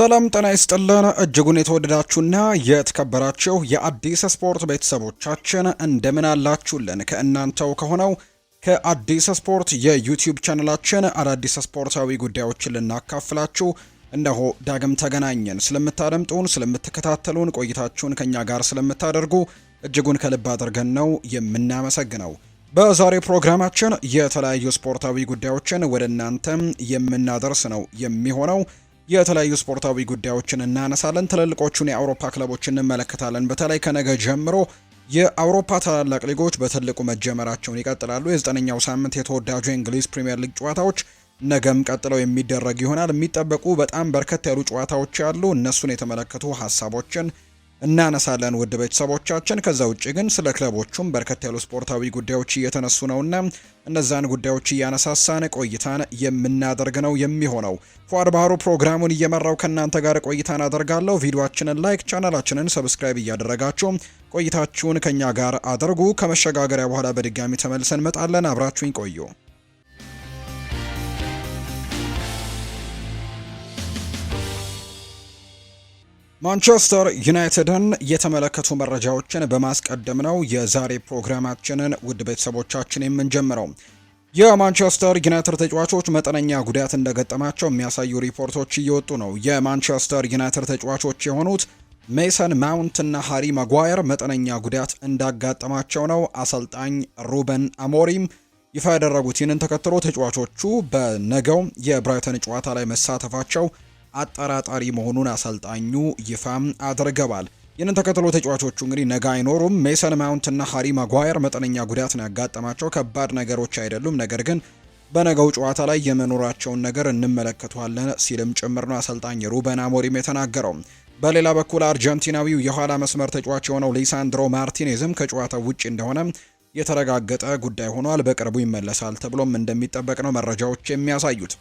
ሰላም ጤና ይስጥልን እጅጉን የተወደዳችሁና የተከበራችሁ የአዲስ ስፖርት ቤተሰቦቻችን እንደምን አላችሁልን? ከእናንተው ከሆነው ከአዲስ ስፖርት የዩቲዩብ ቻነላችን አዳዲስ ስፖርታዊ ጉዳዮችን ልናካፍላችሁ እነሆ ዳግም ተገናኘን። ስለምታደምጡን፣ ስለምትከታተሉን፣ ቆይታችሁን ከእኛ ጋር ስለምታደርጉ እጅጉን ከልብ አድርገን ነው የምናመሰግነው። በዛሬው ፕሮግራማችን የተለያዩ ስፖርታዊ ጉዳዮችን ወደ እናንተም የምናደርስ ነው የሚሆነው የተለያዩ ስፖርታዊ ጉዳዮችን እናነሳለን። ትልልቆቹን የአውሮፓ ክለቦች እንመለከታለን። በተለይ ከነገ ጀምሮ የአውሮፓ ታላላቅ ሊጎች በትልቁ መጀመራቸውን ይቀጥላሉ። የዘጠነኛው ሳምንት የተወዳጁ የእንግሊዝ ፕሪምየር ሊግ ጨዋታዎች ነገም ቀጥለው የሚደረግ ይሆናል። የሚጠበቁ በጣም በርከት ያሉ ጨዋታዎች አሉ። እነሱን የተመለከቱ ሀሳቦችን እናነሳለን ውድ ቤተሰቦቻችን። ከዛ ውጭ ግን ስለ ክለቦቹም በርከት ያሉ ስፖርታዊ ጉዳዮች እየተነሱ ነውና እነዛን ጉዳዮች እያነሳሳን ቆይታን የምናደርግ ነው የሚሆነው። ፏድ ባህሩ ፕሮግራሙን እየመራው ከእናንተ ጋር ቆይታን አደርጋለሁ። ቪዲዮችንን ላይክ፣ ቻናላችንን ሰብስክራይብ እያደረጋችሁ ቆይታችሁን ከእኛ ጋር አድርጉ። ከመሸጋገሪያ በኋላ በድጋሚ ተመልሰን እንመጣለን። አብራችሁኝ ቆዩ። ማንቸስተር ዩናይትድን የተመለከቱ መረጃዎችን በማስቀደም ነው የዛሬ ፕሮግራማችንን ውድ ቤተሰቦቻችን የምንጀምረው። የማንቸስተር ዩናይትድ ተጫዋቾች መጠነኛ ጉዳት እንደገጠማቸው የሚያሳዩ ሪፖርቶች እየወጡ ነው። የማንቸስተር ዩናይትድ ተጫዋቾች የሆኑት ሜሰን ማውንት እና ሃሪ ማጓየር መጠነኛ ጉዳት እንዳጋጠማቸው ነው አሰልጣኝ ሩበን አሞሪም ይፋ ያደረጉት። ይህንን ተከትሎ ተጫዋቾቹ በነገው የብራይተን ጨዋታ ላይ መሳተፋቸው አጠራጣሪ መሆኑን አሰልጣኙ ይፋም አድርገዋል። ይህንን ተከትሎ ተጫዋቾቹ እንግዲህ ነገ አይኖሩም። ሜሰን ማውንት እና ሃሪ ማጓየር መጠነኛ ጉዳት ነው ያጋጠማቸው። ከባድ ነገሮች አይደሉም፣ ነገር ግን በነገው ጨዋታ ላይ የመኖራቸውን ነገር እንመለከተዋለን ሲልም ጭምር ነው አሰልጣኝ ሩበን አሞሪም የተናገረው። በሌላ በኩል አርጀንቲናዊው የኋላ መስመር ተጫዋች የሆነው ሊሳንድሮ ማርቲኔዝም ከጨዋታው ውጭ እንደሆነ የተረጋገጠ ጉዳይ ሆኗል። በቅርቡ ይመለሳል ተብሎም እንደሚጠበቅ ነው መረጃዎች የሚያሳዩት።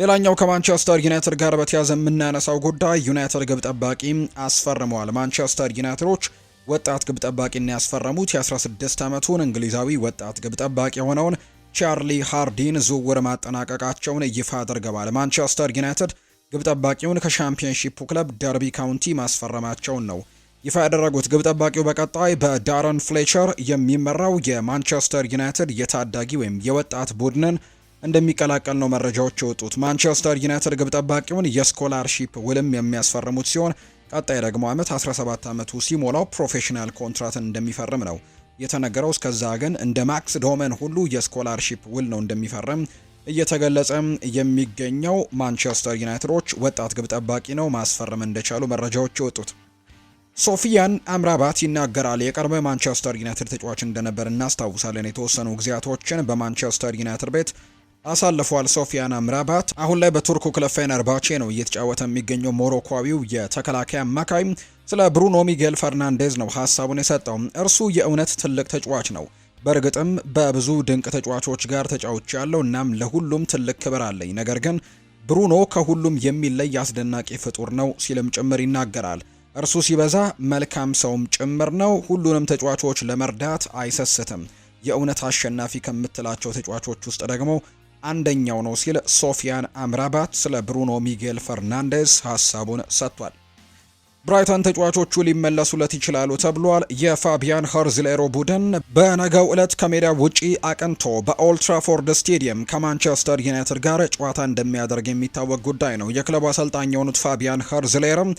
ሌላኛው ከማንቸስተር ዩናይትድ ጋር በተያዘ የምናነሳው ጉዳይ ዩናይትድ ግብ ጠባቂ አስፈርመዋል። ማንቸስተር ዩናይትዶች ወጣት ግብ ጠባቂና ያስፈረሙት የ16 ዓመቱን እንግሊዛዊ ወጣት ግብ ጠባቂ የሆነውን ቻርሊ ሃርዲን ዝውውር ማጠናቀቃቸውን ይፋ አድርገዋል። ማንቸስተር ዩናይትድ ግብ ጠባቂውን ከሻምፒዮንሺፑ ክለብ ደርቢ ካውንቲ ማስፈረማቸውን ነው ይፋ ያደረጉት። ግብ ጠባቂው በቀጣይ በዳረን ፍሌቸር የሚመራው የማንቸስተር ዩናይትድ የታዳጊ ወይም የወጣት ቡድንን እንደሚቀላቀል ነው መረጃዎች የወጡት። ማንቸስተር ዩናይትድ ግብ ጠባቂውን የስኮላርሺፕ ውልም የሚያስፈርሙት ሲሆን ቀጣይ ደግሞ ዓመት 17 ዓመቱ ሲሞላው ፕሮፌሽናል ኮንትራትን እንደሚፈርም ነው የተነገረው። እስከዛ ግን እንደ ማክስ ዶመን ሁሉ የስኮላርሺፕ ውል ነው እንደሚፈርም እየተገለጸ የሚገኘው። ማንቸስተር ዩናይትዶች ወጣት ግብ ጠባቂ ነው ማስፈረም እንደቻሉ መረጃዎች የወጡት። ሶፊያን አምራባት ይናገራል። የቀድሞ ማንቸስተር ዩናይትድ ተጫዋች እንደነበር እናስታውሳለን። የተወሰኑ ጊዜያቶችን በማንቸስተር ዩናይትድ ቤት አሳልፏል። ሶፊያን አምራባት አሁን ላይ በቱርኩ ክለብ ፌነርባቼ ነው እየተጫወተ የሚገኘው ሞሮኳዊው የተከላካይ አማካይ። ስለ ብሩኖ ሚጌል ፈርናንዴዝ ነው ሀሳቡን የሰጠው። እርሱ የእውነት ትልቅ ተጫዋች ነው። በእርግጥም በብዙ ድንቅ ተጫዋቾች ጋር ተጫውቼ ያለው እናም ለሁሉም ትልቅ ክብር አለኝ። ነገር ግን ብሩኖ ከሁሉም የሚለይ አስደናቂ ፍጡር ነው ሲልም ጭምር ይናገራል። እርሱ ሲበዛ መልካም ሰውም ጭምር ነው። ሁሉንም ተጫዋቾች ለመርዳት አይሰስትም። የእውነት አሸናፊ ከምትላቸው ተጫዋቾች ውስጥ ደግሞ አንደኛው ነው ሲል ሶፊያን አምራባት ስለ ብሩኖ ሚጌል ፈርናንዴስ ሀሳቡን ሰጥቷል። ብራይተን ተጫዋቾቹ ሊመለሱለት ይችላሉ ተብሏል። የፋቢያን ሀርዝሌሮ ቡድን በነገው ዕለት ከሜዳ ውጪ አቅንቶ በኦልትራፎርድ ስቴዲየም ከማንቸስተር ዩናይትድ ጋር ጨዋታ እንደሚያደርግ የሚታወቅ ጉዳይ ነው። የክለቡ አሰልጣኝ የሆኑት ፋቢያን ኸርዝሌርም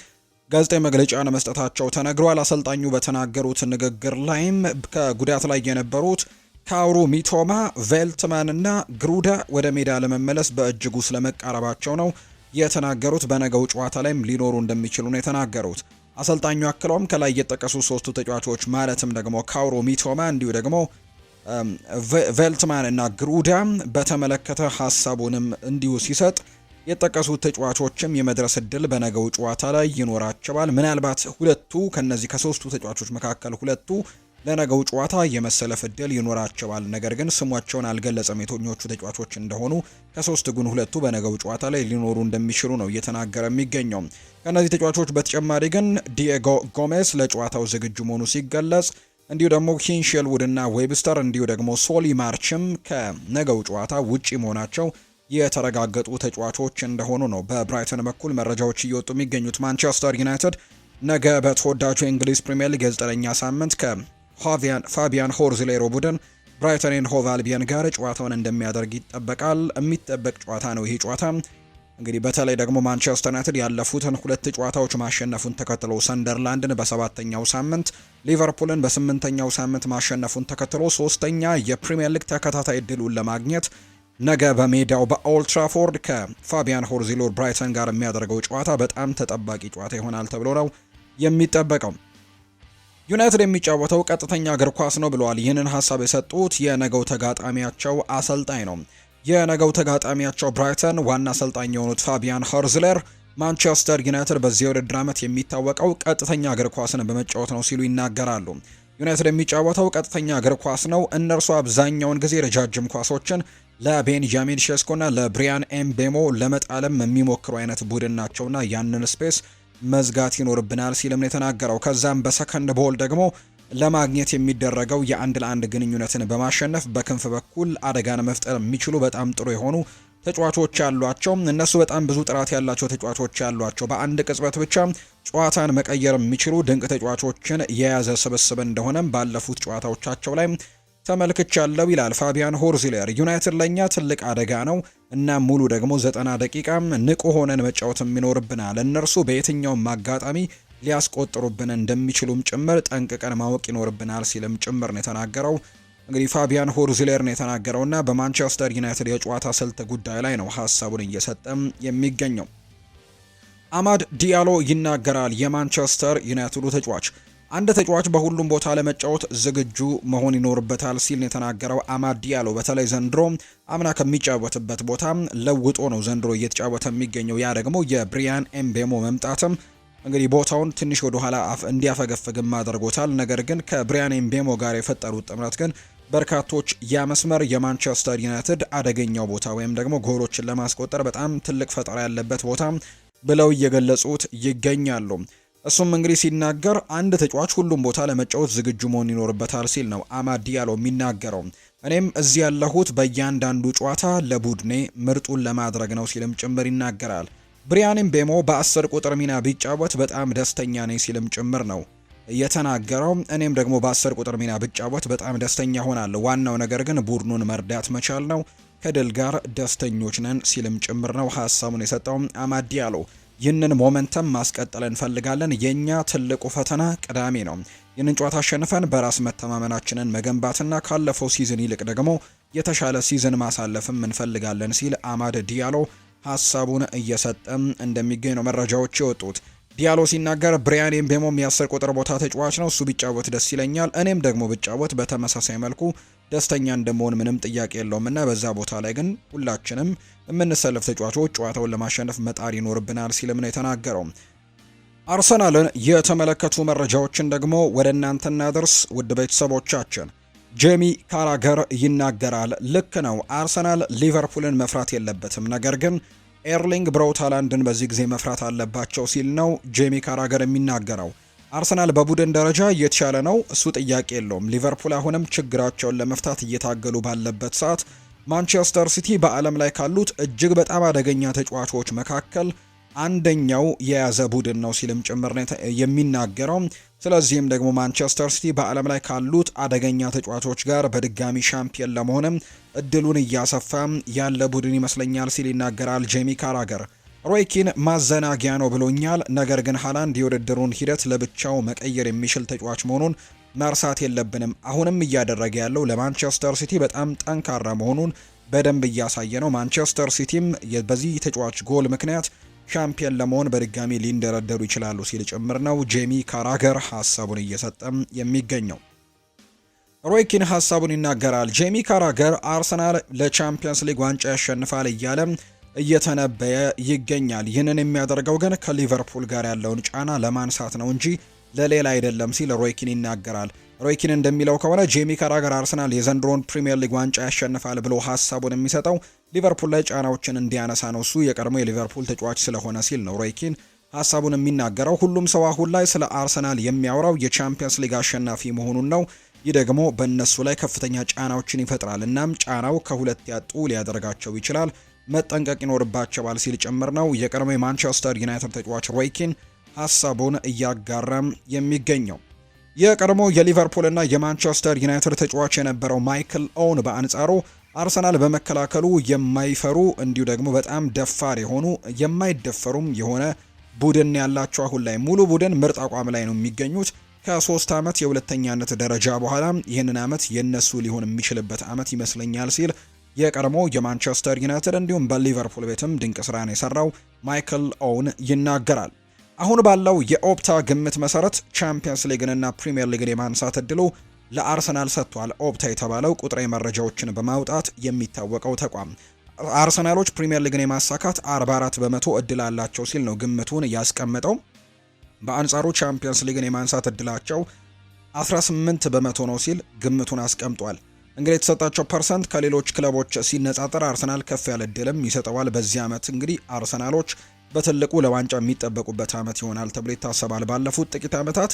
ጋዜጣዊ መግለጫን መስጠታቸው ተነግሯል። አሰልጣኙ በተናገሩት ንግግር ላይም ከጉዳት ላይ የነበሩት ታውሩ ሚቶማ፣ ቬልትማን እና ግሩዳ ወደ ሜዳ ለመመለስ በእጅጉ ስለመቃረባቸው ነው የተናገሩት። በነገው ጨዋታ ላይም ሊኖሩ እንደሚችሉ ነው የተናገሩት። አሰልጣኙ አክለውም ከላይ የጠቀሱ ሶስቱ ተጫዋቾች ማለትም ደግሞ ካውሮ ሚቶማ እንዲሁ ደግሞ ቬልትማን እና ግሩዳ በተመለከተ ሀሳቡንም እንዲሁ ሲሰጥ የጠቀሱት ተጫዋቾችም የመድረስ እድል በነገው ጨዋታ ላይ ይኖራቸዋል። ምናልባት ሁለቱ ከነዚህ ከሶስቱ ተጫዋቾች መካከል ሁለቱ ለነገው ጨዋታ የመሰለፍ እድል ይኖራቸዋል። ነገር ግን ስሟቸውን አልገለጸም የቶኞቹ ተጫዋቾች እንደሆኑ። ከሶስት ጉን ሁለቱ በነገው ጨዋታ ላይ ሊኖሩ እንደሚችሉ ነው እየተናገረ የሚገኘው። ከእነዚህ ተጫዋቾች በተጨማሪ ግን ዲኤጎ ጎሜስ ለጨዋታው ዝግጁ መሆኑ ሲገለጽ፣ እንዲሁ ደግሞ ሂንሼልውድና ዌብስተር እንዲሁ ደግሞ ሶሊ ማርችም ከነገው ጨዋታ ውጪ መሆናቸው የተረጋገጡ ተጫዋቾች እንደሆኑ ነው በብራይተን በኩል መረጃዎች እየወጡ የሚገኙት። ማንቸስተር ዩናይትድ ነገ በተወዳጁ የእንግሊዝ ፕሪምየር ሊግ የዘጠነኛ ሳምንት ከ ፋቢያን ሆርዝሌሮ ቡድን ብራይተንን ሆቭ አልቢየን ጋር ጨዋታውን እንደሚያደርግ ይጠበቃል። የሚጠበቅ ጨዋታ ነው ይሄ ጨዋታ። እንግዲህ በተለይ ደግሞ ማንቸስተር ዩናይትድ ያለፉትን ሁለት ጨዋታዎች ማሸነፉን ተከትሎ ሰንደርላንድን በሰባተኛው ሳምንት፣ ሊቨርፑልን በስምንተኛው ሳምንት ማሸነፉን ተከትሎ ሶስተኛ የፕሪምየር ሊግ ተከታታይ ድሉን ለማግኘት ነገ በሜዳው በኦልትራፎርድ ከፋቢያን ሆርዚሎር ብራይተን ጋር የሚያደርገው ጨዋታ በጣም ተጠባቂ ጨዋታ ይሆናል ተብሎ ነው የሚጠበቀው። ዩናይትድ የሚጫወተው ቀጥተኛ እግር ኳስ ነው ብለዋል። ይህንን ሀሳብ የሰጡት የነገው ተጋጣሚያቸው አሰልጣኝ ነው። የነገው ተጋጣሚያቸው ብራይተን ዋና አሰልጣኝ የሆኑት ፋቢያን ሆርዝለር ማንቸስተር ዩናይትድ በዚህ የውድድር ዓመት የሚታወቀው ቀጥተኛ እግር ኳስን በመጫወት ነው ሲሉ ይናገራሉ። ዩናይትድ የሚጫወተው ቀጥተኛ እግር ኳስ ነው። እነርሱ አብዛኛውን ጊዜ ረጃጅም ኳሶችን ለቤንጃሚን ሼስኮና ለብሪያን ኤምቤሞ ለመጣለም የሚሞክሩ አይነት ቡድን ናቸውና ያንን ስፔስ መዝጋት ይኖርብናል ሲልም ነው የተናገረው። ከዛም በሰከንድ ቦል ደግሞ ለማግኘት የሚደረገው የአንድ ለአንድ ግንኙነትን በማሸነፍ በክንፍ በኩል አደጋን መፍጠር የሚችሉ በጣም ጥሩ የሆኑ ተጫዋቾች ያሏቸው እነሱ በጣም ብዙ ጥራት ያላቸው ተጫዋቾች ያሏቸው በአንድ ቅጽበት ብቻ ጨዋታን መቀየር የሚችሉ ድንቅ ተጫዋቾችን የያዘ ስብስብ እንደሆነም ባለፉት ጨዋታዎቻቸው ላይ ተመልክቻለሁ ይላል ፋቢያን ሆርዚለር። ዩናይትድ ለእኛ ትልቅ አደጋ ነው እና ሙሉ ደግሞ ዘጠና ደቂቃም ንቁ ሆነን መጫወትም ይኖርብናል። እነርሱ በየትኛውም አጋጣሚ ሊያስቆጥሩብን እንደሚችሉም ጭምር ጠንቅቀን ማወቅ ይኖርብናል ሲልም ጭምር ነው የተናገረው። እንግዲህ ፋቢያን ሆርዚለር ነው የተናገረውና በማንቸስተር ዩናይትድ የጨዋታ ስልት ጉዳይ ላይ ነው ሀሳቡን እየሰጠም የሚገኘው። አማድ ዲያሎ ይናገራል። የማንቸስተር ዩናይትዱ ተጫዋች አንድ ተጫዋች በሁሉም ቦታ ለመጫወት ዝግጁ መሆን ይኖርበታል ሲል የተናገረው አማድ ዲያሎ በተለይ ዘንድሮ አምና ከሚጫወትበት ቦታ ለውጦ ነው ዘንድሮ እየተጫወተ የሚገኘው። ያ ደግሞ የብሪያን ኤምቤሞ መምጣትም እንግዲህ ቦታውን ትንሽ ወደ ኋላ እንዲያፈገፍግም አድርጎታል። ነገር ግን ከብሪያን ኤምቤሞ ጋር የፈጠሩት ጥምረት ግን በርካቶች ያመስመር የማንቸስተር ዩናይትድ አደገኛው ቦታ ወይም ደግሞ ጎሎችን ለማስቆጠር በጣም ትልቅ ፈጠራ ያለበት ቦታ ብለው እየገለጹት ይገኛሉ። እሱም እንግዲህ ሲናገር አንድ ተጫዋች ሁሉም ቦታ ለመጫወት ዝግጁ መሆን ይኖርበታል ሲል ነው አማዲ ያለው የሚናገረው። እኔም እዚህ ያለሁት በእያንዳንዱ ጨዋታ ለቡድኔ ምርጡን ለማድረግ ነው ሲልም ጭምር ይናገራል። ብሪያንም ቤሞ በአስር ቁጥር ሚና ቢጫወት በጣም ደስተኛ ነኝ ሲልም ጭምር ነው የተናገረው። እኔም ደግሞ በአስር ቁጥር ሚና ብጫወት በጣም ደስተኛ ሆናለሁ። ዋናው ነገር ግን ቡድኑን መርዳት መቻል ነው። ከድል ጋር ደስተኞች ነን ሲልም ጭምር ነው ሀሳቡን የሰጠው አማዲ ዲያሎ። ይህንን ሞመንተም ማስቀጠል እንፈልጋለን። የእኛ ትልቁ ፈተና ቅዳሜ ነው። ይህንን ጨዋታ አሸንፈን በራስ መተማመናችንን መገንባትና ካለፈው ሲዝን ይልቅ ደግሞ የተሻለ ሲዝን ማሳለፍም እንፈልጋለን ሲል አማድ ዲያሎ ሀሳቡን እየሰጠም እንደሚገኝ ነው መረጃዎች የወጡት። ዲያሎ ሲናገር ብሪያን ኤምቤሞም የአስር ቁጥር ቦታ ተጫዋች ነው። እሱ ቢጫወት ደስ ይለኛል። እኔም ደግሞ ብጫወት በተመሳሳይ መልኩ ደስተኛ እንደመሆን ምንም ጥያቄ የለውም እና በዛ ቦታ ላይ ግን ሁላችንም የምንሰለፍ ተጫዋቾች ጨዋታውን ለማሸነፍ መጣር ይኖርብናል ሲልም ነው የተናገረው። አርሰናልን የተመለከቱ መረጃዎችን ደግሞ ወደ እናንተ እናደርስ ውድ ቤተሰቦቻችን። ጄሚ ካራገር ይናገራል። ልክ ነው፣ አርሰናል ሊቨርፑልን መፍራት የለበትም፣ ነገር ግን ኤርሊንግ ብራውት ሃላንድን በዚህ ጊዜ መፍራት አለባቸው ሲል ነው ጄሚ ካራገር የሚናገረው። አርሰናል በቡድን ደረጃ እየተሻለ ነው፣ እሱ ጥያቄ የለውም። ሊቨርፑል አሁንም ችግራቸውን ለመፍታት እየታገሉ ባለበት ሰዓት ማንቸስተር ሲቲ በዓለም ላይ ካሉት እጅግ በጣም አደገኛ ተጫዋቾች መካከል አንደኛው የያዘ ቡድን ነው ሲልም ጭምር የሚናገረው። ስለዚህም ደግሞ ማንቸስተር ሲቲ በዓለም ላይ ካሉት አደገኛ ተጫዋቾች ጋር በድጋሚ ሻምፒየን ለመሆንም እድሉን እያሰፋ ያለ ቡድን ይመስለኛል ሲል ይናገራል ጄሚ ካራገር። ሮይኪን ማዘናጊያ ነው ብሎኛል። ነገር ግን ሃላንድ የውድድሩን ሂደት ለብቻው መቀየር የሚችል ተጫዋች መሆኑን መርሳት የለብንም። አሁንም እያደረገ ያለው ለማንቸስተር ሲቲ በጣም ጠንካራ መሆኑን በደንብ እያሳየ ነው። ማንቸስተር ሲቲም በዚህ ተጫዋች ጎል ምክንያት ሻምፒየን ለመሆን በድጋሚ ሊንደረደሩ ይችላሉ ሲል ጭምር ነው ጄሚ ካራገር ሀሳቡን እየሰጠም የሚገኘው። ሮይኪን ሀሳቡን ይናገራል። ጄሚ ካራገር አርሰናል ለቻምፒየንስ ሊግ ዋንጫ ያሸንፋል እያለ እየተነበየ ይገኛል። ይህንን የሚያደርገው ግን ከሊቨርፑል ጋር ያለውን ጫና ለማንሳት ነው እንጂ ለሌላ አይደለም ሲል ሮይኪን ይናገራል። ሮይኪን እንደሚለው ከሆነ ጄሚ ካራገር አርሰናል የዘንድሮን ፕሪምየር ሊግ ዋንጫ ያሸንፋል ብሎ ሀሳቡን የሚሰጠው ሊቨርፑል ላይ ጫናዎችን እንዲያነሳ ነው። እሱ የቀድሞ የሊቨርፑል ተጫዋች ስለሆነ ሲል ነው ሮይኪን ሀሳቡን የሚናገረው። ሁሉም ሰው አሁን ላይ ስለ አርሰናል የሚያወራው የቻምፒየንስ ሊግ አሸናፊ መሆኑን ነው። ይህ ደግሞ በእነሱ ላይ ከፍተኛ ጫናዎችን ይፈጥራል። እናም ጫናው ከሁለት ያጡ ሊያደርጋቸው ይችላል መጠንቀቅ ይኖርባቸዋል ሲል ጭምር ነው። የቀድሞ የማንቸስተር ዩናይትድ ተጫዋች ሮይኪን ሀሳቡን እያጋራም የሚገኘው። የቀድሞ የሊቨርፑልና የማንቸስተር ዩናይትድ ተጫዋች የነበረው ማይክል ኦውን በአንጻሩ አርሰናል በመከላከሉ የማይፈሩ እንዲሁ ደግሞ በጣም ደፋር የሆኑ የማይደፈሩም የሆነ ቡድን ያላቸው አሁን ላይ ሙሉ ቡድን ምርጥ አቋም ላይ ነው የሚገኙት። ከሶስት ዓመት የሁለተኛነት ደረጃ በኋላ ይህንን ዓመት የነሱ ሊሆን የሚችልበት ዓመት ይመስለኛል ሲል የቀድሞ የማንቸስተር ዩናይትድ እንዲሁም በሊቨርፑል ቤትም ድንቅ ስራን የሰራው ማይክል ኦውን ይናገራል። አሁን ባለው የኦፕታ ግምት መሰረት ቻምፒየንስ ሊግንና ፕሪምየር ሊግን የማንሳት እድሉ ለአርሰናል ሰጥቷል። ኦፕታ የተባለው ቁጥራዊ መረጃዎችን በማውጣት የሚታወቀው ተቋም አርሰናሎች ፕሪምየር ሊግን የማሳካት 44 በመቶ እድል አላቸው ሲል ነው ግምቱን ያስቀመጠው። በአንጻሩ ቻምፒየንስ ሊግን የማንሳት እድላቸው 18 በመቶ ነው ሲል ግምቱን አስቀምጧል። እንግዲህ የተሰጣቸው ፐርሰንት ከሌሎች ክለቦች ሲነጻጠር አርሰናል ከፍ ያለ እድልም ይሰጠዋል። በዚህ ዓመት እንግዲህ አርሰናሎች በትልቁ ለዋንጫ የሚጠበቁበት ዓመት ይሆናል ተብሎ ይታሰባል። ባለፉት ጥቂት ዓመታት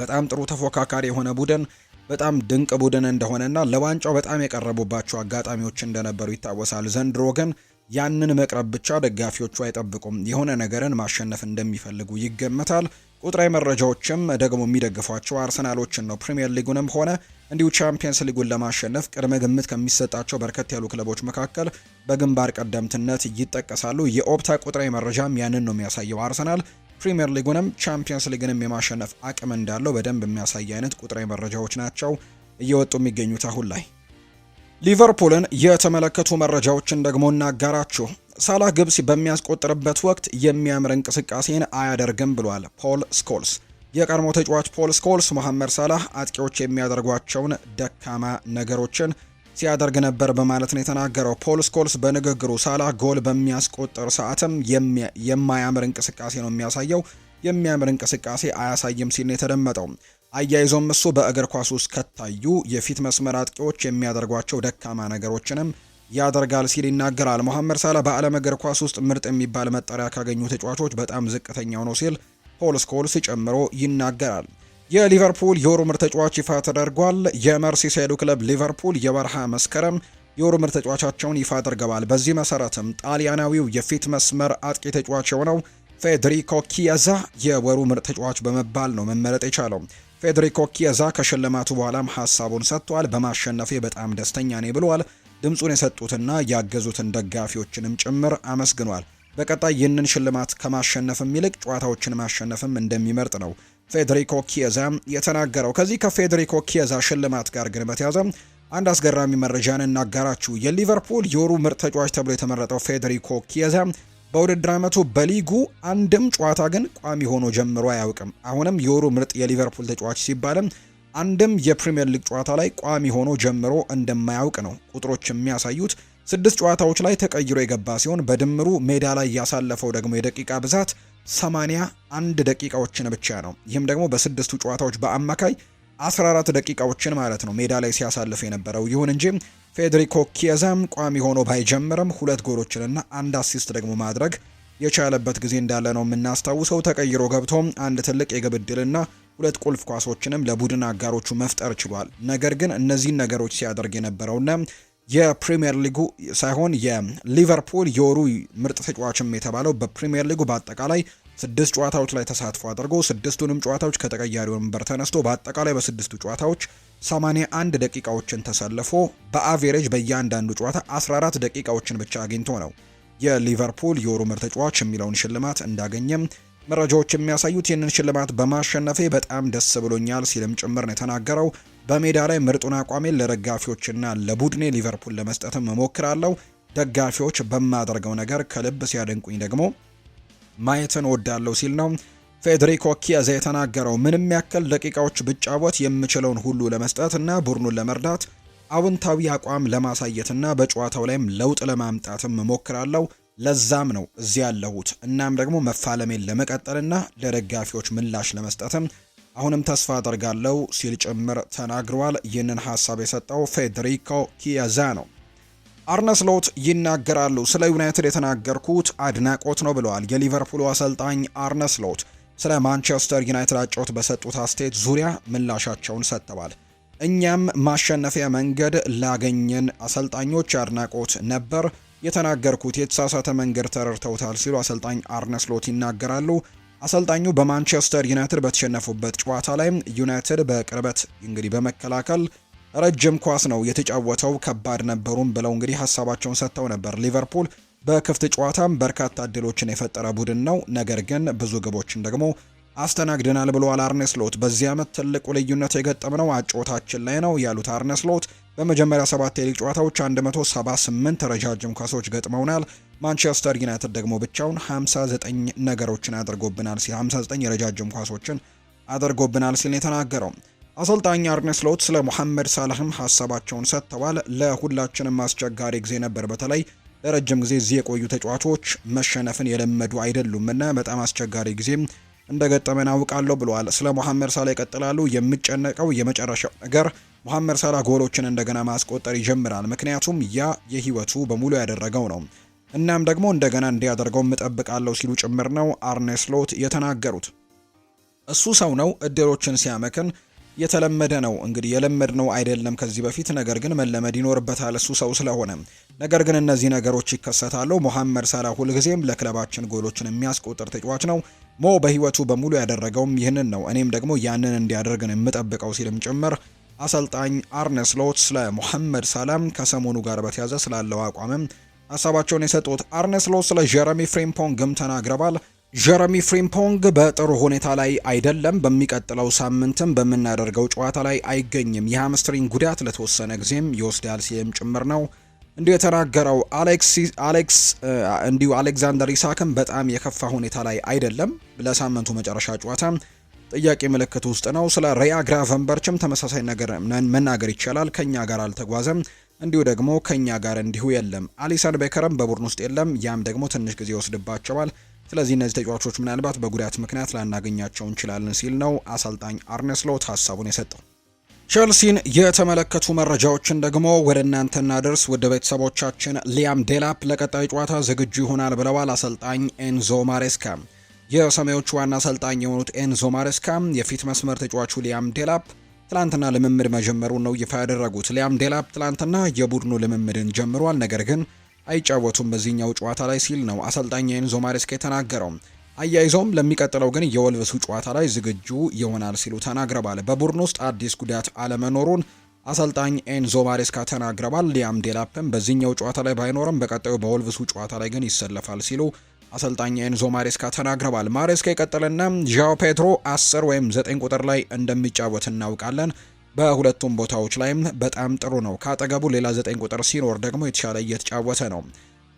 በጣም ጥሩ ተፎካካሪ የሆነ ቡድን በጣም ድንቅ ቡድን እንደሆነና ለዋንጫው በጣም የቀረቡባቸው አጋጣሚዎች እንደነበሩ ይታወሳል። ዘንድሮ ግን ያንን መቅረብ ብቻ ደጋፊዎቹ አይጠብቁም። የሆነ ነገርን ማሸነፍ እንደሚፈልጉ ይገመታል። ቁጥራዊ መረጃዎችም ደግሞ የሚደግፏቸው አርሰናሎችን ነው። ፕሪምየር ሊጉንም ሆነ እንዲሁ ቻምፒየንስ ሊጉን ለማሸነፍ ቅድመ ግምት ከሚሰጣቸው በርከት ያሉ ክለቦች መካከል በግንባር ቀደምትነት ይጠቀሳሉ። የኦፕታ ቁጥራዊ መረጃም ያንን ነው የሚያሳየው። አርሰናል ፕሪምየር ሊጉንም ቻምፒየንስ ሊግንም የማሸነፍ አቅም እንዳለው በደንብ የሚያሳይ አይነት ቁጥራዊ መረጃዎች ናቸው እየወጡ የሚገኙት አሁን ላይ። ሊቨርፑልን የተመለከቱ መረጃዎችን ደግሞ እናጋራችሁ። ሳላህ ግብ በሚያስቆጥርበት ወቅት የሚያምር እንቅስቃሴን አያደርግም ብሏል ፖል ስኮልስ። የቀድሞ ተጫዋች ፖል ስኮልስ መሐመድ ሳላህ አጥቂዎች የሚያደርጓቸውን ደካማ ነገሮችን ሲያደርግ ነበር በማለት ነው የተናገረው። ፖል ስኮልስ በንግግሩ ሳላህ ጎል በሚያስቆጥር ሰዓትም የማያምር እንቅስቃሴ ነው የሚያሳየው፣ የሚያምር እንቅስቃሴ አያሳይም ሲል ነው የተደመጠው። አያይዞም እሱ በእግር ኳስ ውስጥ ከታዩ የፊት መስመር አጥቂዎች የሚያደርጓቸው ደካማ ነገሮችንም ያደርጋል ሲል ይናገራል። መሐመድ ሳላ በዓለም እግር ኳስ ውስጥ ምርጥ የሚባል መጠሪያ ካገኙ ተጫዋቾች በጣም ዝቅተኛው ነው ሲል ፖል ስኮልስ ጨምሮ ይናገራል። የሊቨርፑል የወሩ ምርጥ ተጫዋች ይፋ ተደርጓል። የመርሲሳይዱ ክለብ ሊቨርፑል የበረሃ መስከረም የወሩ ምርጥ ተጫዋቻቸውን ይፋ አድርገዋል። በዚህ መሰረትም ጣሊያናዊው የፊት መስመር አጥቂ ተጫዋች የሆነው ፌዴሪኮ ኪያዛ የወሩ ምርጥ ተጫዋች በመባል ነው መመረጥ የቻለው። ፌዴሪኮ ኪየዛ ከሽልማቱ በኋላም ሀሳቡን ሰጥቷል። በማሸነፌ በጣም ደስተኛ ነኝ ብለዋል። ድምፁን የሰጡትና ያገዙትን ደጋፊዎችንም ጭምር አመስግኗል። በቀጣይ ይህንን ሽልማት ከማሸነፍም ይልቅ ጨዋታዎችን ማሸነፍም እንደሚመርጥ ነው ፌዴሪኮ ኪየዛ የተናገረው። ከዚህ ከፌዴሪኮ ኪየዛ ሽልማት ጋር ግን በተያዘ አንድ አስገራሚ መረጃን እናጋራችሁ። የሊቨርፑል የወሩ ምርጥ ተጫዋች ተብሎ የተመረጠው ፌዴሪኮ ኪየዛ በውድድር ዓመቱ በሊጉ አንድም ጨዋታ ግን ቋሚ ሆኖ ጀምሮ አያውቅም። አሁንም የወሩ ምርጥ የሊቨርፑል ተጫዋች ሲባልም አንድም የፕሪምየር ሊግ ጨዋታ ላይ ቋሚ ሆኖ ጀምሮ እንደማያውቅ ነው ቁጥሮች የሚያሳዩት። ስድስት ጨዋታዎች ላይ ተቀይሮ የገባ ሲሆን በድምሩ ሜዳ ላይ ያሳለፈው ደግሞ የደቂቃ ብዛት ሰማንያ አንድ ደቂቃዎችን ብቻ ነው። ይህም ደግሞ በስድስቱ ጨዋታዎች በአማካይ 14 ደቂቃዎችን ማለት ነው ሜዳ ላይ ሲያሳልፍ የነበረው። ይሁን እንጂ ፌዴሪኮ ኪየዛም ቋሚ ሆኖ ባይጀምርም ሁለት ጎሎችንና አንድ አሲስት ደግሞ ማድረግ የቻለበት ጊዜ እንዳለ ነው የምናስታውሰው። ተቀይሮ ገብቶ አንድ ትልቅ የግብ ዕድልና ሁለት ቁልፍ ኳሶችንም ለቡድን አጋሮቹ መፍጠር ችሏል። ነገር ግን እነዚህን ነገሮች ሲያደርግ የነበረውና የፕሪሚየር ሊጉ ሳይሆን የሊቨርፑል የወሩ ምርጥ ተጫዋችም የተባለው በፕሪምየር ሊጉ በአጠቃላይ ስድስት ጨዋታዎች ላይ ተሳትፎ አድርጎ ስድስቱንም ጨዋታዎች ከተቀያሪ ወንበር ተነስቶ በአጠቃላይ በስድስቱ ጨዋታዎች 81 ደቂቃዎችን ተሰልፎ በአቬሬጅ በእያንዳንዱ ጨዋታ 14 ደቂቃዎችን ብቻ አግኝቶ ነው የሊቨርፑል የወሩ ምርጥ ተጫዋች የሚለውን ሽልማት እንዳገኘም መረጃዎች የሚያሳዩት ይህንን ሽልማት በማሸነፌ በጣም ደስ ብሎኛል ሲልም ጭምር ነው የተናገረው። በሜዳ ላይ ምርጡን አቋሜን ለደጋፊዎችና ለቡድኔ ሊቨርፑል ለመስጠትም እሞክራለሁ። ደጋፊዎች በማደርገው ነገር ከልብ ሲያደንቁኝ ደግሞ ማየትን ወዳለው ሲል ነው ፌዴሪኮ ኪያዛ የተናገረው። ምንም ያክል ደቂቃዎች ብጫወት የምችለውን ሁሉ ለመስጠት እና ቡድኑን ለመርዳት አዎንታዊ አቋም ለማሳየትና በጨዋታው ላይም ለውጥ ለማምጣትም እሞክራለሁ። ለዛም ነው እዚህ ያለሁት። እናም ደግሞ መፋለሜን ለመቀጠልና ለደጋፊዎች ምላሽ ለመስጠትም አሁንም ተስፋ አደርጋለሁ ሲል ጭምር ተናግሯል። ይህንን ሀሳብ የሰጠው ፌዴሪኮ ኪያዛ ነው። አርነስሎት ይናገራሉ። ስለ ዩናይትድ የተናገርኩት አድናቆት ነው ብለዋል የሊቨርፑሉ አሰልጣኝ አርነስሎት ስለ ማንቸስተር ዩናይትድ አጨዋወት በሰጡት አስተያየት ዙሪያ ምላሻቸውን ሰጥተዋል። እኛም ማሸነፊያ መንገድ ላገኘን አሰልጣኞች አድናቆት ነበር የተናገርኩት የተሳሳተ መንገድ ተረድተውታል ሲሉ አሰልጣኝ አርነስሎት ይናገራሉ። አሰልጣኙ በማንቸስተር ዩናይትድ በተሸነፉበት ጨዋታ ላይ ዩናይትድ በቅርበት እንግዲህ በመከላከል ረጅም ኳስ ነው የተጫወተው፣ ከባድ ነበሩም ብለው እንግዲህ ሀሳባቸውን ሰጥተው ነበር። ሊቨርፑል በክፍት ጨዋታም በርካታ እድሎችን የፈጠረ ቡድን ነው፣ ነገር ግን ብዙ ግቦችን ደግሞ አስተናግደናል ብለዋል አርኔስ ሎት። በዚህ ዓመት ትልቁ ልዩነት የገጠምነው አጨዋወታችን ላይ ነው ያሉት አርኔስ ሎት በመጀመሪያ ሰባት የሊግ ጨዋታዎች 178 ረጃጅም ኳሶች ገጥመውናል። ማንቸስተር ዩናይትድ ደግሞ ብቻውን 59 ነገሮችን አድርጎብናል ሲል 59 ረጃጅም ኳሶችን አድርጎብናል ሲል የተናገረው አሰልጣኝ አርነ ስሎት ስለ ሙሐመድ ሳላህም ሀሳባቸውን ሰጥተዋል። ለሁላችንም አስቸጋሪ ጊዜ ነበር። በተለይ ለረጅም ጊዜ እዚህ የቆዩ ተጫዋቾች መሸነፍን የለመዱ አይደሉም እና በጣም አስቸጋሪ ጊዜም እንደገጠመን አውቃለሁ ብለዋል። ስለ ሙሐመድ ሳላ ይቀጥላሉ። የምጨነቀው የመጨረሻው ነገር ሙሐመድ ሳላ ጎሎችን እንደገና ማስቆጠር ይጀምራል፣ ምክንያቱም ያ የህይወቱ በሙሉ ያደረገው ነው። እናም ደግሞ እንደገና እንዲያደርገው ምጠብቃለሁ ሲሉ ጭምር ነው አርኔ ስሎት የተናገሩት። እሱ ሰው ነው፣ እድሎችን ሲያመክን የተለመደ ነው። እንግዲህ የለመድ ነው አይደለም ከዚህ በፊት ነገር ግን መለመድ ይኖርበታል እሱ ሰው ስለሆነ። ነገር ግን እነዚህ ነገሮች ይከሰታሉ። ሞሐመድ ሳላ ሁልጊዜም ለክለባችን ጎሎችን የሚያስቆጥር ተጫዋች ነው። ሞ በህይወቱ በሙሉ ያደረገውም ይህንን ነው። እኔም ደግሞ ያንን እንዲያደርግ የምጠብቀው ሲልም ጭምር አሰልጣኝ አርነ ስሎት ስለ ሞሐመድ ሳላም ከሰሞኑ ጋር በተያዘ ስላለው አቋምም ሀሳባቸውን የሰጡት አርነ ስሎት ስለ ጀረሚ ፍሬምፖንግም ተናግረዋል። ጀረሚ ፍሪምፖንግ በጥሩ ሁኔታ ላይ አይደለም። በሚቀጥለው ሳምንትም በምናደርገው ጨዋታ ላይ አይገኝም። የሃምስትሪንግ ጉዳት ለተወሰነ ጊዜም ይወስዳል ሲልም ጭምር ነው እንዲሁ የተናገረው። አሌክስ እንዲሁ አሌክዛንደር ኢሳክም በጣም የከፋ ሁኔታ ላይ አይደለም። ለሳምንቱ መጨረሻ ጨዋታ ጥያቄ ምልክት ውስጥ ነው። ስለ ሪያ ግራቨንበርችም ተመሳሳይ ነገር መናገር ይቻላል። ከኛ ጋር አልተጓዘም፣ እንዲሁ ደግሞ ከኛ ጋር እንዲሁ የለም። አሊሰን ቤከርም በቡድን ውስጥ የለም። ያም ደግሞ ትንሽ ጊዜ ይወስድባቸዋል። ስለዚህ እነዚህ ተጫዋቾች ምናልባት በጉዳት ምክንያት ላናገኛቸው እንችላለን ሲል ነው አሰልጣኝ አርኔስሎት ሀሳቡን የሰጠው። ቸልሲን የተመለከቱ መረጃዎችን ደግሞ ወደ እናንተ እናደርስ። ውድ ቤተሰቦቻችን ሊያም ዴላፕ ለቀጣይ ጨዋታ ዝግጁ ይሆናል ብለዋል አሰልጣኝ ኤንዞ ማሬስካ። የሰማዮቹ ዋና አሰልጣኝ የሆኑት ኤንዞ ማሬስካ የፊት መስመር ተጫዋቹ ሊያም ዴላፕ ትላንትና ልምምድ መጀመሩን ነው ይፋ ያደረጉት። ሊያም ዴላፕ ትላንትና የቡድኑ ልምምድን ጀምሯል፣ ነገር ግን አይጫወቱም በዚህኛው ጨዋታ ላይ ሲል ነው አሰልጣኝ ኤንዞ ማሬስካ የተናገረው። አያይዞም ለሚቀጥለው ግን የወልቭሱ ጨዋታ ላይ ዝግጁ ይሆናል ሲሉ ተናግረዋል። በቡድን ውስጥ አዲስ ጉዳት አለመኖሩን አሰልጣኝ ኤንዞ ማሬስካ ተናግረዋል። ሊያም ዴላፕም በዚህኛው ጨዋታ ላይ ባይኖርም በቀጣዩ በወልቭሱ ጨዋታ ላይ ግን ይሰለፋል ሲሉ አሰልጣኝ ኤንዞ ማሬስካ ተናግረዋል። ማሬስካ ይቀጥልና ዣኦ ፔድሮ 10 ወይም 9 ቁጥር ላይ እንደሚጫወት እናውቃለን። በሁለቱም ቦታዎች ላይም በጣም ጥሩ ነው። ካጠገቡ ሌላ ዘጠኝ ቁጥር ሲኖር ደግሞ የተሻለ እየተጫወተ ነው።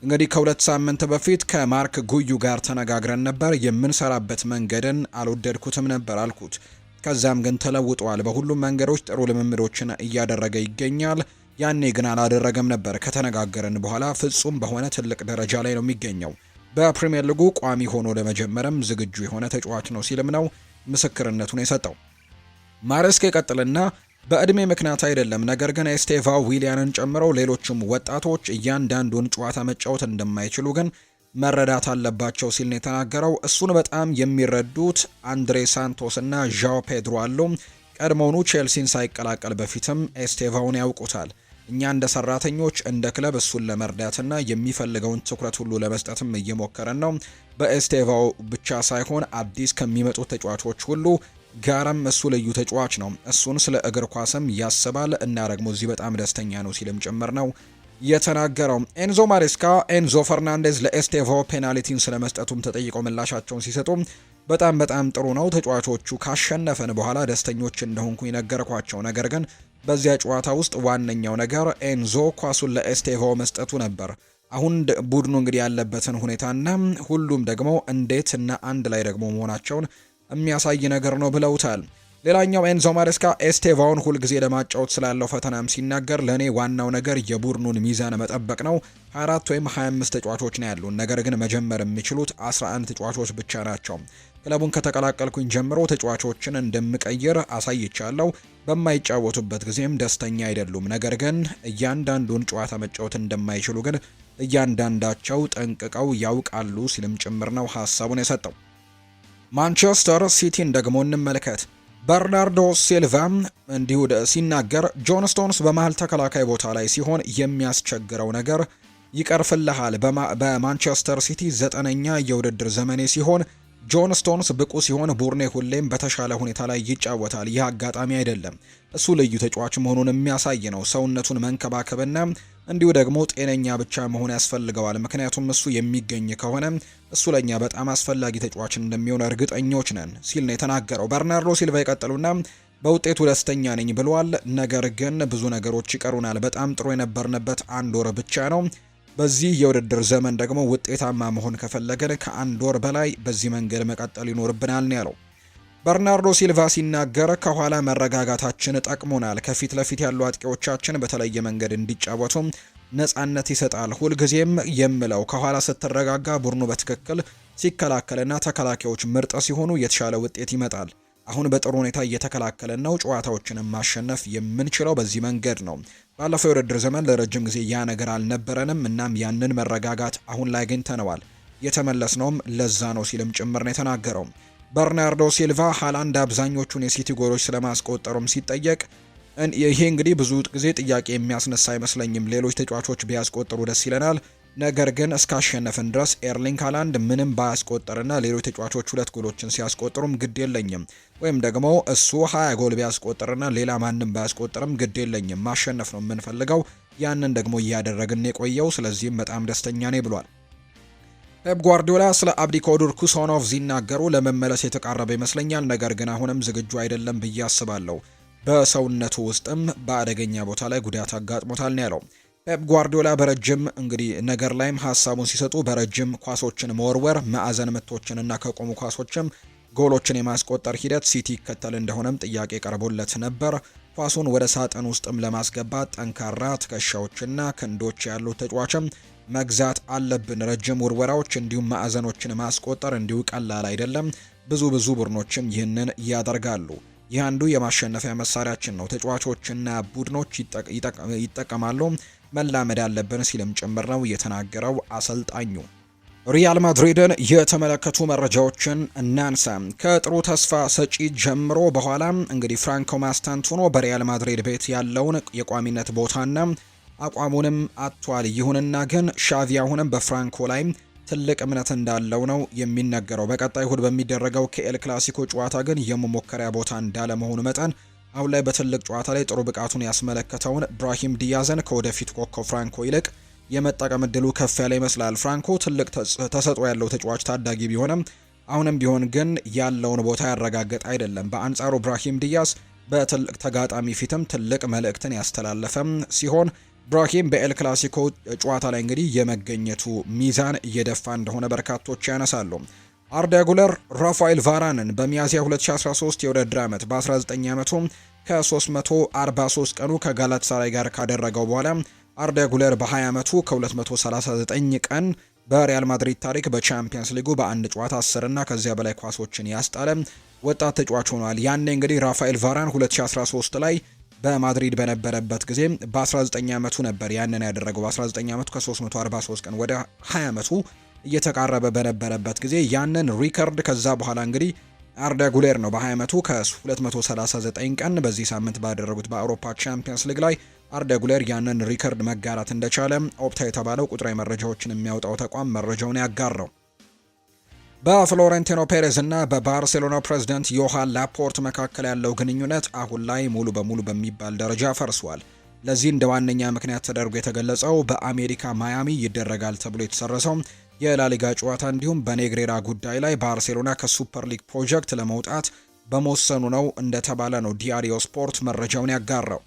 እንግዲህ ከሁለት ሳምንት በፊት ከማርክ ጉዩ ጋር ተነጋግረን ነበር። የምንሰራበት መንገድን አልወደድኩትም ነበር አልኩት። ከዛም ግን ተለውጧል። በሁሉም መንገዶች ጥሩ ልምምዶችን እያደረገ ይገኛል። ያኔ ግን አላደረገም ነበር። ከተነጋገረን በኋላ ፍጹም በሆነ ትልቅ ደረጃ ላይ ነው የሚገኘው። በፕሪምየር ሊጉ ቋሚ ሆኖ ለመጀመርም ዝግጁ የሆነ ተጫዋች ነው ሲልም ነው ምስክርነቱን የሰጠው። ማረስኬ ቀጥልና በእድሜ ምክንያት አይደለም። ነገር ግን ኤስቴቫ ዊሊያንን ጨምሮ ሌሎችም ወጣቶች እያንዳንዱን ጨዋታ መጫወት እንደማይችሉ ግን መረዳት አለባቸው ሲል ነው የተናገረው። እሱን በጣም የሚረዱት አንድሬ ሳንቶስ እና ዣው ፔድሮ አሉ። ቀድሞውኑ ቼልሲን ሳይቀላቀል በፊትም ኤስቴቫውን ያውቁታል። እኛ እንደ ሰራተኞች እንደ ክለብ እሱን ለመርዳትና የሚፈልገውን ትኩረት ሁሉ ለመስጠትም እየሞከረን ነው። በኤስቴቫው ብቻ ሳይሆን አዲስ ከሚመጡት ተጫዋቾች ሁሉ ጋራም እሱ ልዩ ተጫዋች ነው። እሱን ስለ እግር ኳስም ያስባል እና ደግሞ እዚህ በጣም ደስተኛ ነው ሲልም ጭምር ነው የተናገረው። ኤንዞ ማሬስካ ኤንዞ ፈርናንዴዝ ለኤስቴቮ ፔናልቲን ስለ መስጠቱም ተጠይቀው ምላሻቸውን ሲሰጡ በጣም በጣም ጥሩ ነው። ተጫዋቾቹ ካሸነፈን በኋላ ደስተኞች እንደሆንኩ የነገርኳቸው፣ ነገር ግን በዚያ ጨዋታ ውስጥ ዋነኛው ነገር ኤንዞ ኳሱን ለኤስቴቮ መስጠቱ ነበር። አሁን ቡድኑ እንግዲህ ያለበትን ሁኔታና ሁሉም ደግሞ እንዴት እና አንድ ላይ ደግሞ መሆናቸውን የሚያሳይ ነገር ነው ብለውታል። ሌላኛው ኤንዞ ማሬስካ ኤስቴቫውን ሁልጊዜ ለማጫወት ስላለው ፈተናም ሲናገር ለእኔ ዋናው ነገር የቡድኑን ሚዛን መጠበቅ ነው። 24 ወይም 25 ተጫዋቾች ነው ያሉን፣ ነገር ግን መጀመር የሚችሉት 11 ተጫዋቾች ብቻ ናቸው። ክለቡን ከተቀላቀልኩኝ ጀምሮ ተጫዋቾችን እንደምቀይር አሳይቻለሁ። በማይጫወቱበት ጊዜም ደስተኛ አይደሉም። ነገር ግን እያንዳንዱን ጨዋታ መጫወት እንደማይችሉ ግን እያንዳንዳቸው ጠንቅቀው ያውቃሉ ሲልም ጭምር ነው ሀሳቡን የሰጠው። ማንቸስተር ሲቲን ደግሞ እንመልከት። በርናርዶ ሲልቫ እንዲሁ ሲናገር ጆን ስቶንስ ተከላካይ ቦታ ላይ ሲሆን የሚያስቸግረው ነገር ይቀርፍልሃል። በማንቸስተር ሲቲ ዘጠነኛ የውድድር ዘመኔ ሲሆን ጆን ስቶንስ ብቁ ሲሆን ቡርኔ ሁሌም በተሻለ ሁኔታ ላይ ይጫወታል። ይህ አጋጣሚ አይደለም፣ እሱ ልዩ ተጫዋች መሆኑን የሚያሳይ ነው። ሰውነቱን መንከባከብና እንዲሁ ደግሞ ጤነኛ ብቻ መሆን ያስፈልገዋል። ምክንያቱም እሱ የሚገኝ ከሆነ እሱ ለእኛ በጣም አስፈላጊ ተጫዋች እንደሚሆን እርግጠኞች ነን ሲል ነው የተናገረው። በርናርዶ ሲልቫ ይቀጥሉና በውጤቱ ደስተኛ ነኝ ብለዋል። ነገር ግን ብዙ ነገሮች ይቀሩናል። በጣም ጥሩ የነበርንበት አንድ ወር ብቻ ነው። በዚህ የውድድር ዘመን ደግሞ ውጤታማ መሆን ከፈለገን ከአንድ ወር በላይ በዚህ መንገድ መቀጠል ይኖርብናል ነው ያለው። በርናርዶ ሲልቫ ሲናገር ከኋላ መረጋጋታችን ጠቅሞናል። ከፊት ለፊት ያሉ አጥቂዎቻችን በተለየ መንገድ እንዲጫወቱ ነጻነት ይሰጣል። ሁልጊዜም የምለው ከኋላ ስትረጋጋ ቡድኑ በትክክል ሲከላከልና ተከላካዮች ምርጥ ሲሆኑ የተሻለ ውጤት ይመጣል። አሁን በጥሩ ሁኔታ እየተከላከለን ነው። ጨዋታዎችንም ማሸነፍ የምንችለው በዚህ መንገድ ነው። ባለፈው የውድድር ዘመን ለረጅም ጊዜ ያ ነገር አልነበረንም። እናም ያንን መረጋጋት አሁን ላይ አግኝተነዋል። የተመለስነውም ለዛ ነው ሲልም ጭምር ነው የተናገረው። በርናርዶ ሲልቫ ሃላንድ አብዛኞቹን የሲቲ ጎሎች ስለማስቆጠሩም ሲጠየቅ ይሄ እንግዲህ ብዙ ጊዜ ጥያቄ የሚያስነሳ አይመስለኝም። ሌሎች ተጫዋቾች ቢያስቆጥሩ ደስ ይለናል። ነገር ግን እስካሸነፍን ድረስ ኤርሊንግ ሃላንድ ምንም ባያስቆጠርና ሌሎች ተጫዋቾች ሁለት ጎሎችን ሲያስቆጥሩም ግድ የለኝም ወይም ደግሞ እሱ ሀያ ጎል ቢያስቆጥርና ሌላ ማንም ባያስቆጥርም ግድ የለኝም። ማሸነፍ ነው የምንፈልገው። ያንን ደግሞ እያደረግን የቆየው ስለዚህም በጣም ደስተኛ ነኝ ብሏል። ፔፕ ጓርዲዮላ ስለ አብዲኮዱር ኩሶኖቭ ሲናገሩ ለመመለስ የተቃረበ ይመስለኛል፣ ነገር ግን አሁንም ዝግጁ አይደለም ብዬ አስባለሁ። በሰውነቱ ውስጥም በአደገኛ ቦታ ላይ ጉዳት አጋጥሞታል ነው ያለው። ፔፕ ጓርዲዮላ በረጅም እንግዲህ ነገር ላይም ሀሳቡን ሲሰጡ በረጅም ኳሶችን መወርወር፣ ማዕዘን ምቶችንና ከቆሙ ኳሶችም ጎሎችን የማስቆጠር ሂደት ሲቲ ይከተል እንደሆነም ጥያቄ ቀርቦለት ነበር። ኳሱን ወደ ሳጥን ውስጥም ለማስገባት ጠንካራ ትከሻዎችና ክንዶች ያሉት ተጫዋችም መግዛት አለብን። ረጅም ውርወራዎች እንዲሁም ማዕዘኖችን ማስቆጠር እንዲሁ ቀላል አይደለም። ብዙ ብዙ ቡድኖችም ይህንን ያደርጋሉ። ይህ አንዱ የማሸነፊያ መሳሪያችን ነው። ተጫዋቾችና ቡድኖች ይጠቀማሉ። መላመድ አለብን ሲልም ጭምር ነው የተናገረው አሰልጣኙ። ሪያል ማድሪድን የተመለከቱ መረጃዎችን እናንሳ። ከጥሩ ተስፋ ሰጪ ጀምሮ በኋላ እንግዲህ ፍራንኮ ማስታንቱኖ በሪያል ማድሪድ ቤት ያለውን የቋሚነት ቦታና አቋሙንም አጥቷል። ይሁንና ግን ሻቪ አሁንም በፍራንኮ ላይ ትልቅ እምነት እንዳለው ነው የሚነገረው። በቀጣይ እሁድ በሚደረገው ከኤል ክላሲኮ ጨዋታ ግን የመሞከሪያ ቦታ እንዳለመሆኑ መጠን አሁን ላይ በትልቅ ጨዋታ ላይ ጥሩ ብቃቱን ያስመለከተውን ብራሂም ዲያዘን ከወደፊት ኮከብ ፍራንኮ ይልቅ የመጠቀም እድሉ ከፍ ያለ ይመስላል። ፍራንኮ ትልቅ ተሰጥኦ ያለው ተጫዋች ታዳጊ ቢሆንም አሁንም ቢሆን ግን ያለውን ቦታ ያረጋገጠ አይደለም። በአንጻሩ ብራሂም ዲያዝ በትልቅ ተጋጣሚ ፊትም ትልቅ መልእክትን ያስተላለፈም ሲሆን ብራኪም በኤል ክላሲኮ ጨዋታ ላይ እንግዲህ የመገኘቱ ሚዛን እየደፋ እንደሆነ በርካቶች ያነሳሉ። አርዳ ጉለር ራፋኤል ቫራንን በሚያዝያ 2013 የውድድር ዓመት በ19 ዓመቱ ከ343 ቀኑ ከጋላትሳራይ ጋር ካደረገው በኋላ አርዳ ጉለር በ20 ዓመቱ ከ239 ቀን በሪያል ማድሪድ ታሪክ በቻምፒየንስ ሊጉ በአንድ ጨዋታ 10 እና ከዚያ በላይ ኳሶችን ያስጣለ ወጣት ተጫዋች ሆኗል። ያኔ እንግዲህ ራፋኤል ቫራን 2013 ላይ በማድሪድ በነበረበት ጊዜ በ19 ዓመቱ ነበር ያንን ያደረገው። በ19 ዓመቱ ከ343 ቀን ወደ 20 ዓመቱ እየተቃረበ በነበረበት ጊዜ ያንን ሪከርድ ከዛ በኋላ እንግዲህ አርዳ ጉሌር ነው በ20 ዓመቱ ከ239 ቀን በዚህ ሳምንት ባደረጉት በአውሮፓ ቻምፒየንስ ሊግ ላይ አርዳ ጉሌር ያንን ሪከርድ መጋራት እንደቻለ ኦፕታ የተባለው ቁጥራዊ መረጃዎችን የሚያወጣው ተቋም መረጃውን ያጋራው። በፍሎረንቲኖ ፔሬዝ እና በባርሴሎና ፕሬዚደንት ዮሃን ላፖርት መካከል ያለው ግንኙነት አሁን ላይ ሙሉ በሙሉ በሚባል ደረጃ ፈርሷል። ለዚህ እንደ ዋነኛ ምክንያት ተደርጎ የተገለጸው በአሜሪካ ማያሚ ይደረጋል ተብሎ የተሰረሰው የላሊጋ ጨዋታ እንዲሁም በኔግሬራ ጉዳይ ላይ ባርሴሎና ከሱፐር ሊግ ፕሮጀክት ለመውጣት በመወሰኑ ነው እንደተባለ ነው ዲያሪዮ ስፖርት መረጃውን ያጋራው።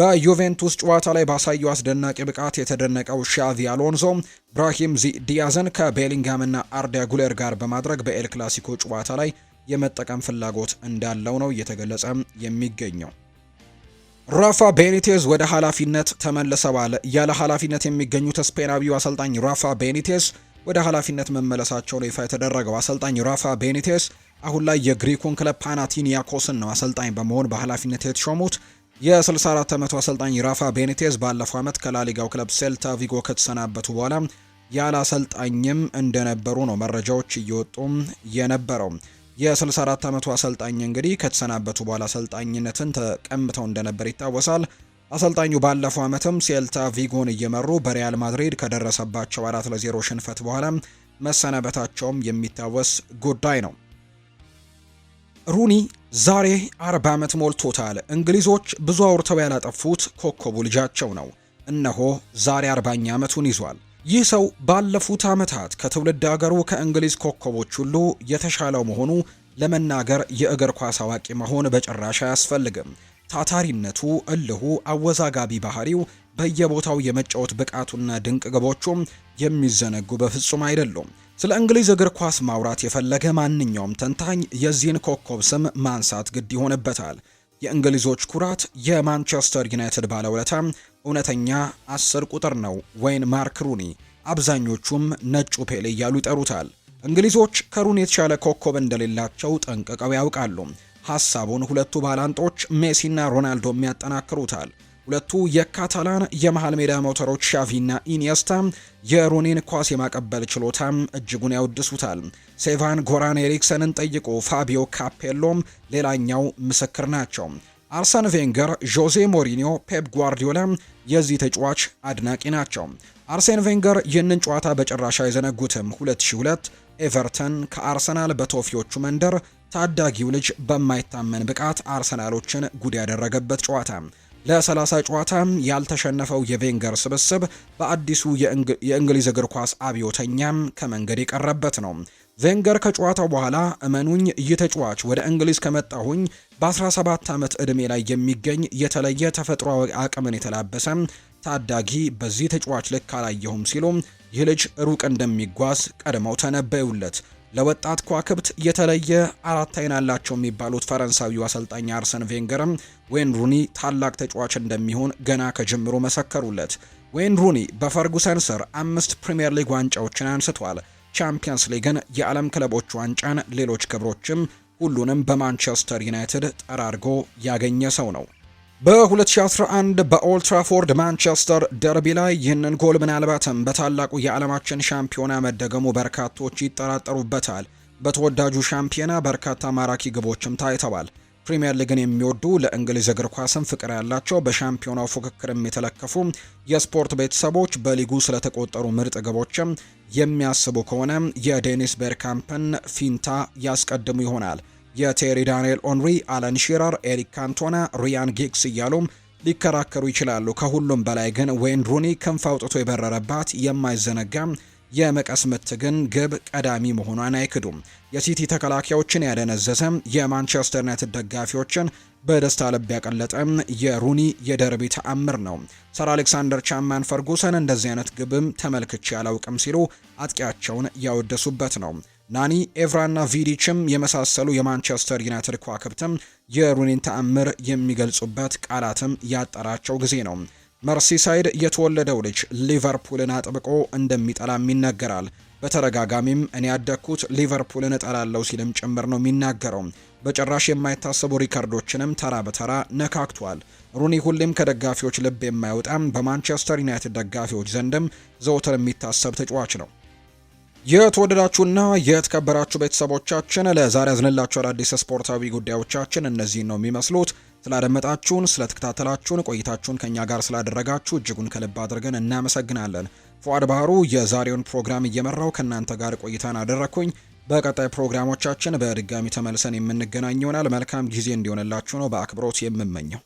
በዩቬንቱስ ጨዋታ ላይ ባሳየው አስደናቂ ብቃት የተደነቀው ሻቪ አሎንዞ ብራሂም ዲያዝን ከቤሊንግሃም እና አርዳ ጉሌር ጋር በማድረግ በኤል ክላሲኮ ጨዋታ ላይ የመጠቀም ፍላጎት እንዳለው ነው እየተገለጸ የሚገኘው። ራፋ ቤኒቴዝ ወደ ኃላፊነት ተመልሰዋል። ያለ ኃላፊነት የሚገኙት ስፔናዊው አሰልጣኝ ራፋ ቤኒቴዝ ወደ ኃላፊነት መመለሳቸው ነው ይፋ የተደረገው። አሰልጣኝ ራፋ ቤኒቴዝ አሁን ላይ የግሪኩን ክለብ ፓናቲኒያኮስን ነው አሰልጣኝ በመሆን በኃላፊነት የተሾሙት። የ64 ዓመቱ አሰልጣኝ ራፋ ቤኒቴዝ ባለፈው ዓመት ከላሊጋው ክለብ ሴልታ ቪጎ ከተሰናበቱ በኋላ ያለ አሰልጣኝም እንደነበሩ ነው መረጃዎች እየወጡ የነበረው። የ64 ዓመቱ አሰልጣኝ እንግዲህ ከተሰናበቱ በኋላ አሰልጣኝነትን ተቀምተው እንደነበር ይታወሳል። አሰልጣኙ ባለፈው ዓመትም ሴልታ ቪጎን እየመሩ በሪያል ማድሪድ ከደረሰባቸው አራት ለዜሮ ሽንፈት በኋላ መሰናበታቸውም የሚታወስ ጉዳይ ነው። ሩኒ ዛሬ 40 ዓመት ሞልቶታል። እንግሊዞች ብዙ አውርተው ያላጠፉት ኮከቡ ልጃቸው ነው። እነሆ ዛሬ 40ኛ ዓመቱን ይዟል። ይህ ሰው ባለፉት ዓመታት ከትውልድ አገሩ ከእንግሊዝ ኮከቦች ሁሉ የተሻለው መሆኑ ለመናገር የእግር ኳስ አዋቂ መሆን በጭራሽ አያስፈልግም። ታታሪነቱ፣ እልሁ፣ አወዛጋቢ ባህሪው፣ በየቦታው የመጫወት ብቃቱና ድንቅ ግቦቹም የሚዘነጉ በፍጹም አይደሉም። ስለ እንግሊዝ እግር ኳስ ማውራት የፈለገ ማንኛውም ተንታኝ የዚህን ኮከብ ስም ማንሳት ግድ ይሆንበታል። የእንግሊዞች ኩራት የማንቸስተር ዩናይትድ ባለውለታ እውነተኛ አስር ቁጥር ነው ወይን ማርክ ሩኒ፣ አብዛኞቹም ነጩ ፔሌ እያሉ ይጠሩታል። እንግሊዞች ከሩኒ የተሻለ ኮከብ እንደሌላቸው ጠንቅቀው ያውቃሉ። ሐሳቡን ሁለቱ ባላንጦች ሜሲና ሮናልዶ ያጠናክሩታል። ሁለቱ የካታላን የመሃል ሜዳ ሞተሮች ሻቪና ኢኒየስታ የሩኒን ኳስ የማቀበል ችሎታም እጅጉን ያወድሱታል። ሴቫን ጎራን ኤሪክሰንን ጠይቁ፣ ፋቢዮ ካፔሎም ሌላኛው ምስክር ናቸው። አርሰን ቬንገር፣ ዦዜ ሞሪኒዮ፣ ፔፕ ጓርዲዮላ የዚህ ተጫዋች አድናቂ ናቸው። አርሴን ቬንገር ይህንን ጨዋታ በጭራሽ አይዘነጉትም። 2002 ኤቨርተን ከአርሰናል በቶፊዎቹ መንደር ታዳጊው ልጅ በማይታመን ብቃት አርሰናሎችን ጉድ ያደረገበት ጨዋታ ለሰላሳ ጨዋታም ያልተሸነፈው የቬንገር ስብስብ በአዲሱ የእንግሊዝ እግር ኳስ አብዮተኛም ከመንገድ የቀረበት ነው። ቬንገር ከጨዋታው በኋላ እመኑኝ ይህ ተጫዋች ወደ እንግሊዝ ከመጣሁኝ በ17 ዓመት ዕድሜ ላይ የሚገኝ የተለየ ተፈጥሮ አቅምን የተላበሰ ታዳጊ በዚህ ተጫዋች ልክ አላየሁም ሲሉ ይህ ልጅ ሩቅ እንደሚጓዝ ቀድመው ተነበዩለት። ለወጣት ኳክብት የተለየ አራት አይን አላቸው የሚባሉት ፈረንሳዊው አሰልጣኝ አርሰን ቬንገርም ዌይን ሩኒ ታላቅ ተጫዋች እንደሚሆን ገና ከጅምሩ መሰከሩለት። ዌይን ሩኒ በፈርጉሰን ስር አምስት ፕሪምየር ሊግ ዋንጫዎችን አንስቷል። ቻምፒየንስ ሊግን፣ የዓለም ክለቦች ዋንጫን፣ ሌሎች ክብሮችም ሁሉንም በማንቸስተር ዩናይትድ ጠራርጎ ያገኘ ሰው ነው። በ2011 በኦልትራፎርድ ማንቸስተር ደርቢ ላይ ይህንን ጎል ምናልባትም በታላቁ የዓለማችን ሻምፒዮና መደገሙ በርካቶች ይጠራጠሩበታል። በተወዳጁ ሻምፒዮና በርካታ ማራኪ ግቦችም ታይተዋል። ፕሪምየር ሊግን የሚወዱ ለእንግሊዝ እግር ኳስም ፍቅር ያላቸው በሻምፒዮናው ፉክክርም የተለከፉ የስፖርት ቤተሰቦች በሊጉ ስለተቆጠሩ ምርጥ ግቦችም የሚያስቡ ከሆነ የዴኒስ ቤርካምፕን ፊንታ ያስቀድሙ ይሆናል። የቴሪ ዳንኤል ኦንሪ፣ አለን ሺረር፣ ኤሪክ ካንቶና፣ ሪያን ጊግስ እያሉም ሊከራከሩ ይችላሉ። ከሁሉም በላይ ግን ዌይን ሩኒ ክንፍ አውጥቶ የበረረባት የማይዘነጋም የመቀስ ምት ግን ግብ ቀዳሚ መሆኗን አይክዱም። የሲቲ ተከላካዮችን ያደነዘሰም የማንቸስተር ዩናይትድ ደጋፊዎችን በደስታ ልብ ያቀለጠም የሩኒ የደርቢ ተአምር ነው። ሰር አሌክሳንደር ቻማን ፈርጉሰን እንደዚህ አይነት ግብም ተመልክቼ አላውቅም ሲሉ አጥቂያቸውን ያወደሱበት ነው። ናኒ ኤቭራና ቪዲችም የመሳሰሉ የማንቸስተር ዩናይትድ ኳክብትም የሩኒን ተአምር የሚገልጹበት ቃላትም ያጠራቸው ጊዜ ነው። መርሲሳይድ የተወለደው ልጅ ሊቨርፑልን አጥብቆ እንደሚጠላም ይናገራል። በተደጋጋሚም እኔ ያደግኩት ሊቨርፑልን እጠላለው ሲልም ጭምር ነው የሚናገረው። በጭራሽ የማይታሰቡ ሪከርዶችንም ተራ በተራ ነካክቷል። ሩኒ ሁሌም ከደጋፊዎች ልብ የማይወጣም፣ በማንቸስተር ዩናይትድ ደጋፊዎች ዘንድም ዘወትር የሚታሰብ ተጫዋች ነው። የተወደዳችሁና የተከበራችሁ ቤተሰቦቻችን ለዛሬ ያዝንላችሁ አዳዲስ ስፖርታዊ ጉዳዮቻችን እነዚህን ነው የሚመስሉት። ስላደመጣችሁን፣ ስለተከታተላችሁን፣ ቆይታችሁን ከእኛ ጋር ስላደረጋችሁ እጅጉን ከልብ አድርገን እናመሰግናለን። ፉአድ ባህሩ የዛሬውን ፕሮግራም እየመራው ከእናንተ ጋር ቆይታን አደረግኩኝ። በቀጣይ ፕሮግራሞቻችን በድጋሚ ተመልሰን የምንገናኝ ይሆናል። መልካም ጊዜ እንዲሆንላችሁ ነው በአክብሮት የምመኘው።